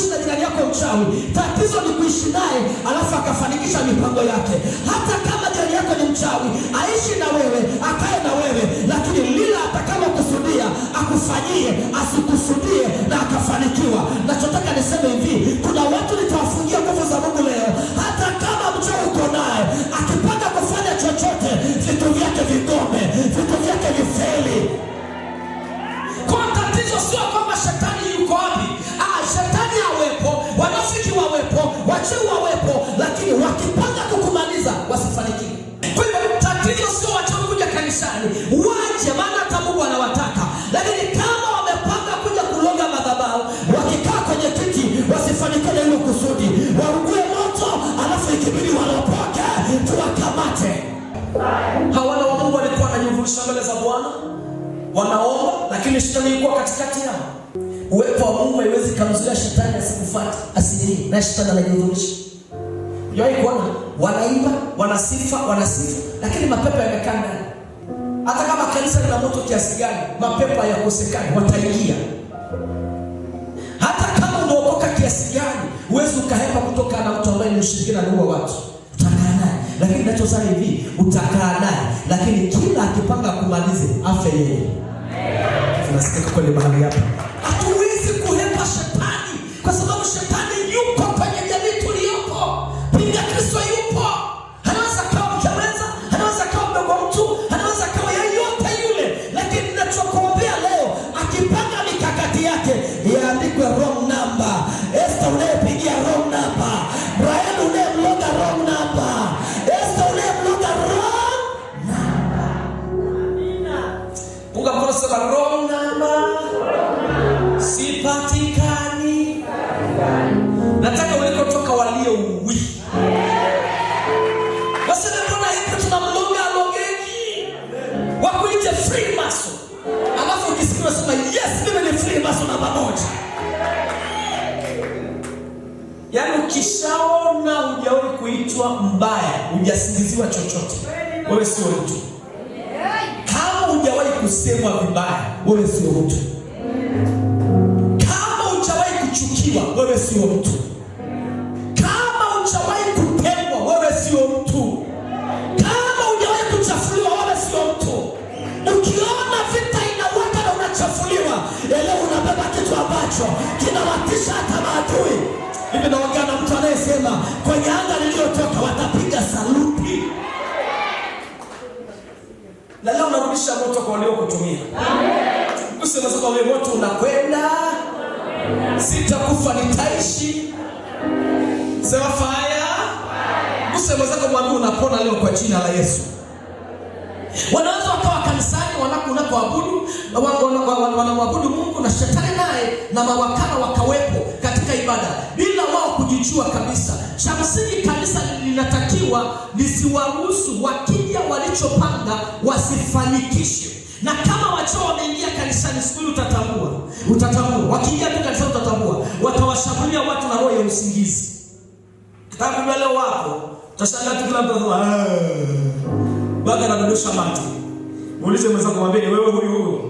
kuishi na jirani yako mchawi. Tatizo ni kuishi naye alafu akafanikisha mipango yake. Hata kama jirani yako ni mchawi, aishi na wewe, akae na wewe, lakini lila atakalokusudia akufanyie, asikusudie na akafanikiwa. Nachotaka niseme hivi, kuna watu nitawafungia waachie wawepo, lakini wakipanga kukumaliza wasifanikiwe. Kwa hivyo tatizo sio watu kuja kanisani, waje, maana hata Mungu anawataka, lakini kama wamepanga kuja kulonga madhabahu, wakikaa kwenye kiti wasifanikiwe na hilo kusudi, waugue moto, alafu ikibidi wanapoke tuwakamate. Hawana wa Mungu walikuwa wanajivunisha mbele za Bwana, wanaomba, lakini shetani ilikuwa katikati yao. Uwepo wa Mungu haiwezi kumzuia shetani asikufuate, asiingie na shetani anajidhunisha. Ujawahi kuona wanaimba, wanasifa, wanasifa, lakini mapepo yamekaa ndani. Hata kama kanisa lina moto kiasi gani, mapepo hayakosekani, wataingia. Hata kama unaokoka kiasi gani, huwezi ukahepa kutoka na mtu ambaye ni mshirikina na watu utakaa naye, lakini nachozaa hivi utakaa naye, lakini kila akipanga kumalize afe yeye. Tunasikia kweli mahali hapa. По тому що mbaya, hujasingiziwa chochote, wewe sio mtu. Kama hujawahi kusemwa vibaya, wewe sio mtu. Kama hujawahi kuchukiwa, wewe sio mtu. moyo moto unakwenda, sitakufa nitaishi. Sema faya, mse mwenzako, mwambie unapona leo kwa jina la Yesu. Wanaweza wakawa kanisani unapoabudu, wanamwabudu Mungu na shetani naye na mawakala wakawepo katika ibada bila wao kujijua kabisa. Cha msingi kanisa linatakiwa lisiwaruhusu wakija walichopanga wasifanikishe. Na kama wachawi wameingia kanisani siku hiyo utatambua, utatambua. Wakiingia tu kanisa utatambua, watawashambulia watu na roho ya usingizi. Kitabu leo wapo tashangaa tu, kila mtu ah, baga na dondosha mate. Muulize mwenzako, mwambie ni wewe huyu huyu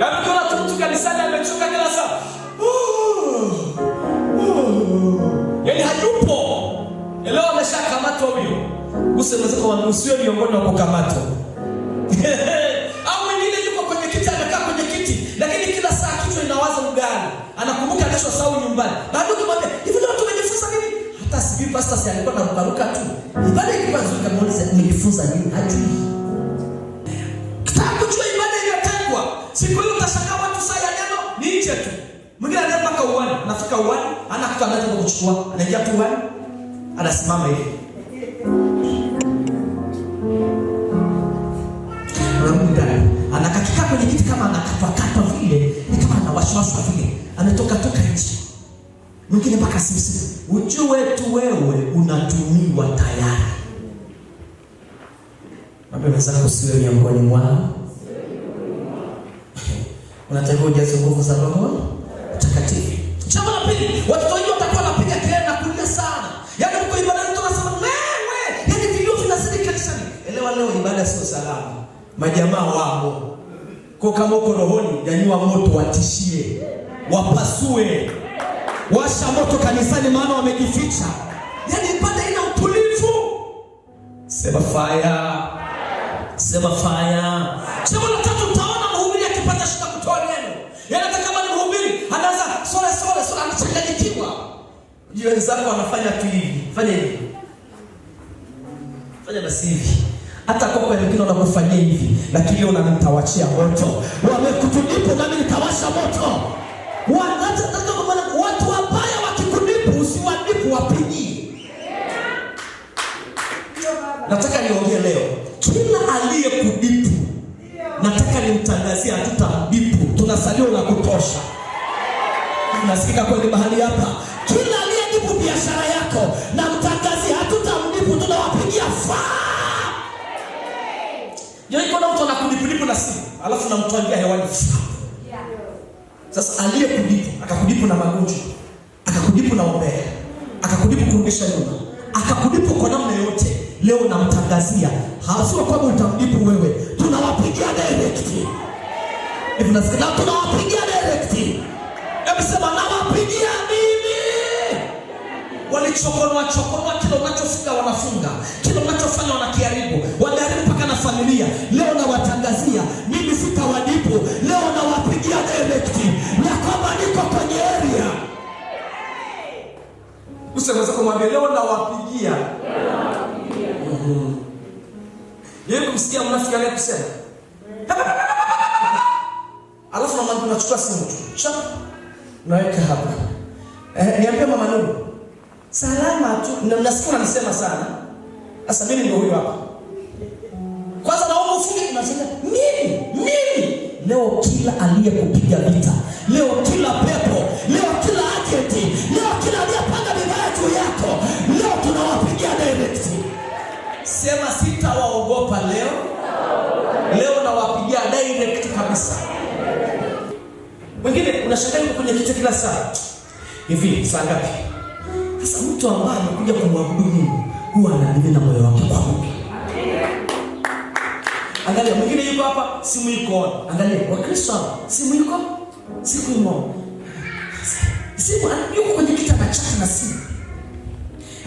Yaani kuna mtu kanisani amechoka kila saa. Yaani hayupo. Leo ameshakamatwa huyo. Usiwe mwenzako, usiwe miongoni mwa kukamatwa. kesho sahau nyumbani. Bado kumwambia, hivi leo tumejifunza nini? Hata sijui pastor si alikuwa na anarukaruka tu. Ibada ilikuwa nzuri kama uliza umejifunza nini? Hajui. Kitabu cha ibada iliyotengwa. Siku hiyo utashangaa watu saa ya neno ni nje tu. Mwingine anaenda mpaka uani, anafika uani, ana kitu anataka kuchukua, anaingia tu uani. anasimama hivi. Anakaa kwenye kiti kama anakatwa katwa vile na wasiwasi vile, ametoka toka nchi mwingine mpaka sisi. Ujue tu wewe unatumiwa tayari. Mambo mezako siwe miongoni mwao, unatakiwa ujaze nguvu za Roho Mtakatifu. Jambo la pili, watoto wengi watakuwa wanapiga kelele na kulia sana, yaani mko ibada mtu anasema wewe, yaani vilio vinazidi kanisani. Elewa leo ibada sio salama, majamaa wao ko kama uko rohoni, janyua moto, watishie, wapasue, washa moto kanisani, maana wamejificha. Yani ibada ina utulivu. Sema faya, sema faya. Jambo la tatu, mtaona mhubiri akipata shida kutoa neno, yani hata kama ni mhubiri anaanza sole sole sole, anachanganyikiwa. Wenzako wanafanya tu hivi, fanya hivi, fanya basi hivi hata kope wengine wanakufanyia hivi, lakini nitawachia moto. Wamekutulipu nami nitawasha moto. Watu wabaya wakikulipu, usiwalipu wapigi. Nataka niongee leo, kila aliyekudipu nataka nimtangazia, hatutamdipu. Tunasaliwa na kutosha. Nasikika kweli mahali hapa, kila aliyedipu biashara yako na mtu na kudipudipu na simu, alafu namtwangia hewani. Sasa aliyekudipu akakudipu na magonjwa, akakudipu na umbea, akakudipu kurudisha nyuma, akakudipu kwa namna yote leo namtangazia, hasio kwamba utamdipu wewe, tunawapigia direct hivi, nasikia tunawapigia direct. Hebu sema nawapigia walichokonoa chokonoa, kila unachofika wanafunga, kila unachofanya wanakiharibu, wanaharibu mpaka na familia leo Mwambie leo nawapigia. mm Yeye kumsikia mnafiki kusema Alafu mama tunachukua simu tu. Chap. Naweka hapa. Eh, niambia mama nuru Salama tu. Na nasikia anasema sana. Sasa mimi ndio huyo hapa. Kwanza naomba ufunge tunasema mimi, mimi. Leo kila aliyekupiga vita. Leo kila Sema sitawaogopa leo. Leo nawapigia direct kabisa. Wengine unashangaa kwenye kichwa kila saa hivi, saa ngapi sasa? Mtu ambaye anakuja kumwabudu Mungu huwa anamimina moyo wake kwa Mungu. Angalia, mwingine yuko hapa, simu iko on. Angalia, Wakristo hapa, simu iko simu imo, simu yuko kwenye kitanda chake na simu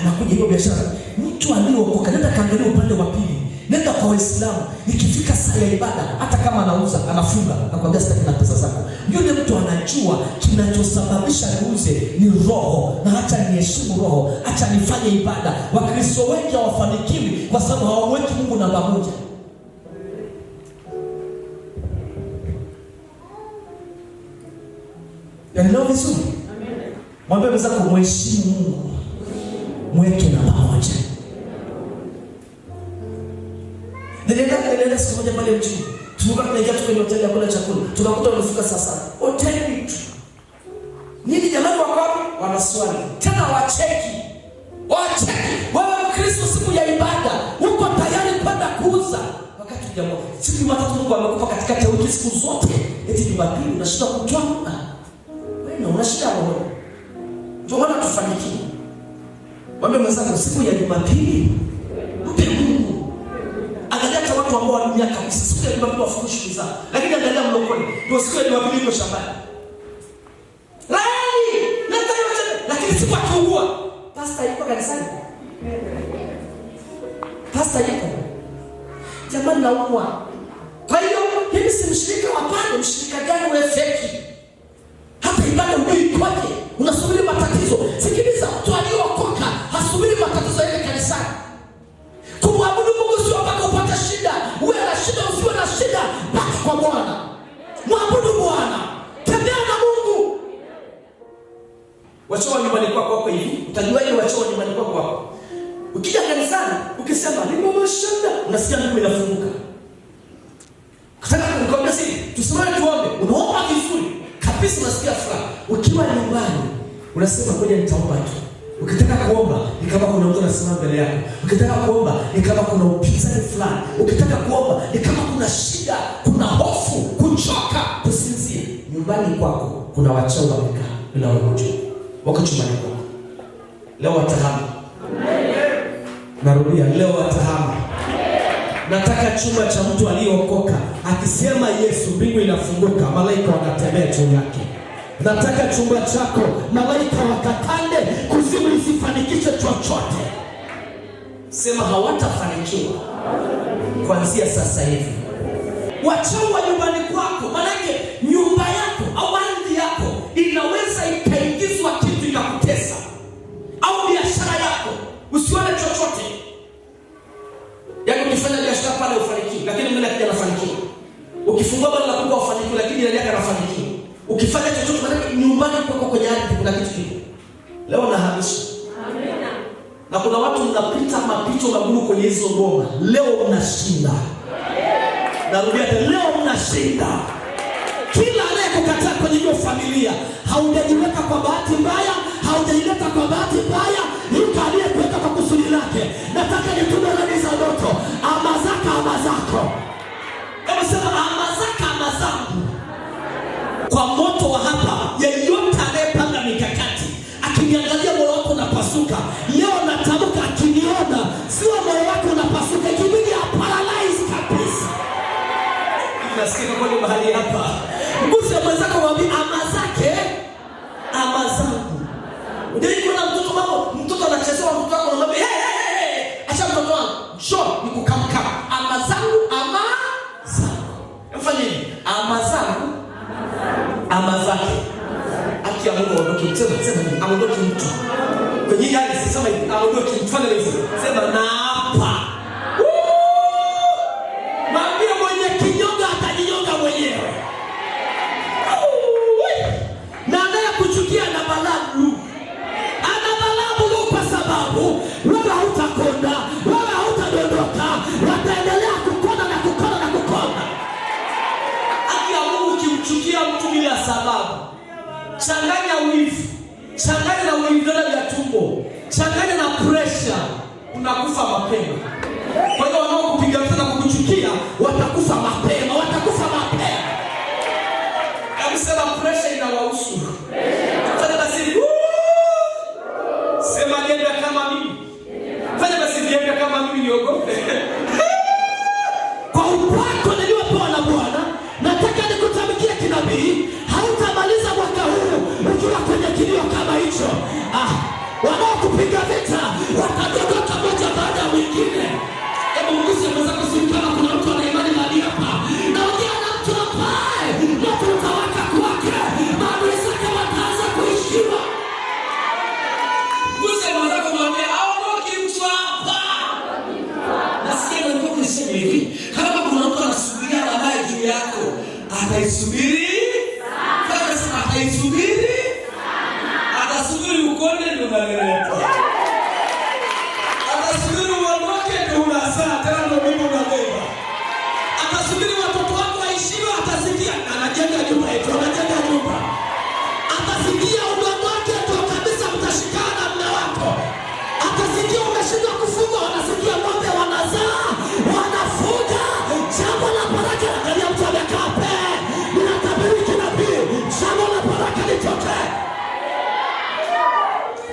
anakuja hiyo biashara. Mtu aliyeokoka nenda kaangalia upande wa pili, nenda kwa Waislamu. Ikifika saa ya ibada, hata kama anauza anafunga, nakwambia sitaki na pesa zako. Yule mtu anajua kinachosababisha niuze ni roho, na hata niheshimu roho, hata nifanye ibada. Wakristo wengi hawafanikiwi kwa sababu hawaweki Mungu namba moja. Yanielewa vizuri? Mwambie mwenzako, mheshimu Mungu mwetu na pamoja. Nilienda nilienda siku moja pale mjini, tulikuwa tunaingia tu kwenye hoteli ya kula chakula, tukakuta wamefika sasa. hoteli tu. Nini jamani, wako wapi? Wanaswali tena, wacheki wacheki. Wewe Mkristo, siku ya ibada uko tayari kwenda kuuza wakati jamaa, siku tatu Mungu amekupa katikati ya wiki siku zote, eti Jumapili unashinda kutwa, wewe unashinda roho. Ndio maana tufanikiwe Mwambie mwenzako siku ya Jumapili mpe Mungu. Angalia hata watu ambao miaka kabisa, siku ya Jumapili wafungue shughuli zao, lakini angalia mlokole, ndio siku ya Jumapili iko shambani lai nata yote, lakini siku akiugua, pasta yuko kanisani, pasta yuko jamani, naumwa. Kwa hiyo hivi si mshirika wa pale, mshirika gani wewe feki? Hata ibada ndio ikoje? Unasubiri matatizo, sikiliza watu Bwana, mwabudu Bwana, tembea na Mungu. Wacho wa nyumbani kwako hapo hivi, utajua ile wacho wa nyumbani kwako hapo? Ukija kanisani ukisema nimemshanda, unasikia mbingu inafunguka. Kataka kukwambia sisi tusimame tuombe, unaomba vizuri kabisa, unasikia furaha. Ukiwa nyumbani unasema ngoja nitaomba tu. Ukitaka kuomba ni kama kuna mtu anasema mbele yako. Ukitaka kuomba ni kama kuna upinzani fulani. Ukitaka kuomba ni kama kuna shida, kuna nyumbani kwako kuna wachao wamekaa bila wewe wako chumbani kwako. Leo watahama, narudia, leo watahama. Nataka chumba cha mtu aliyeokoka akisema Yesu, mbingu inafunguka, malaika wanatembea juu yake. Nataka chumba chako malaika wakatande, kuzimu isifanikishe chochote. Sema hawatafanikiwa kuanzia sasa hivi, wachao wa nyumbani kuna kitu kile. Leo nahamisha. Na kuna watu mnapita mapicho magumu kwenye hizo ngoma. Leo mnashinda. Narudia tena, leo mnashinda. Kila anayekukataa kwenye hiyo familia, haujajiweka kwa bahati mbaya, haujajileta kwa bahati mbaya, yuko aliyekuweka kwa kusudi lake. Nataka nitume radi za ndoto, ama zako ama zako. sema zake, haki aondoke. Sema sema aondoke mtu kwenye hali, sema aondoke mtu, sema na Nasikia nilikuwa nisema hivi,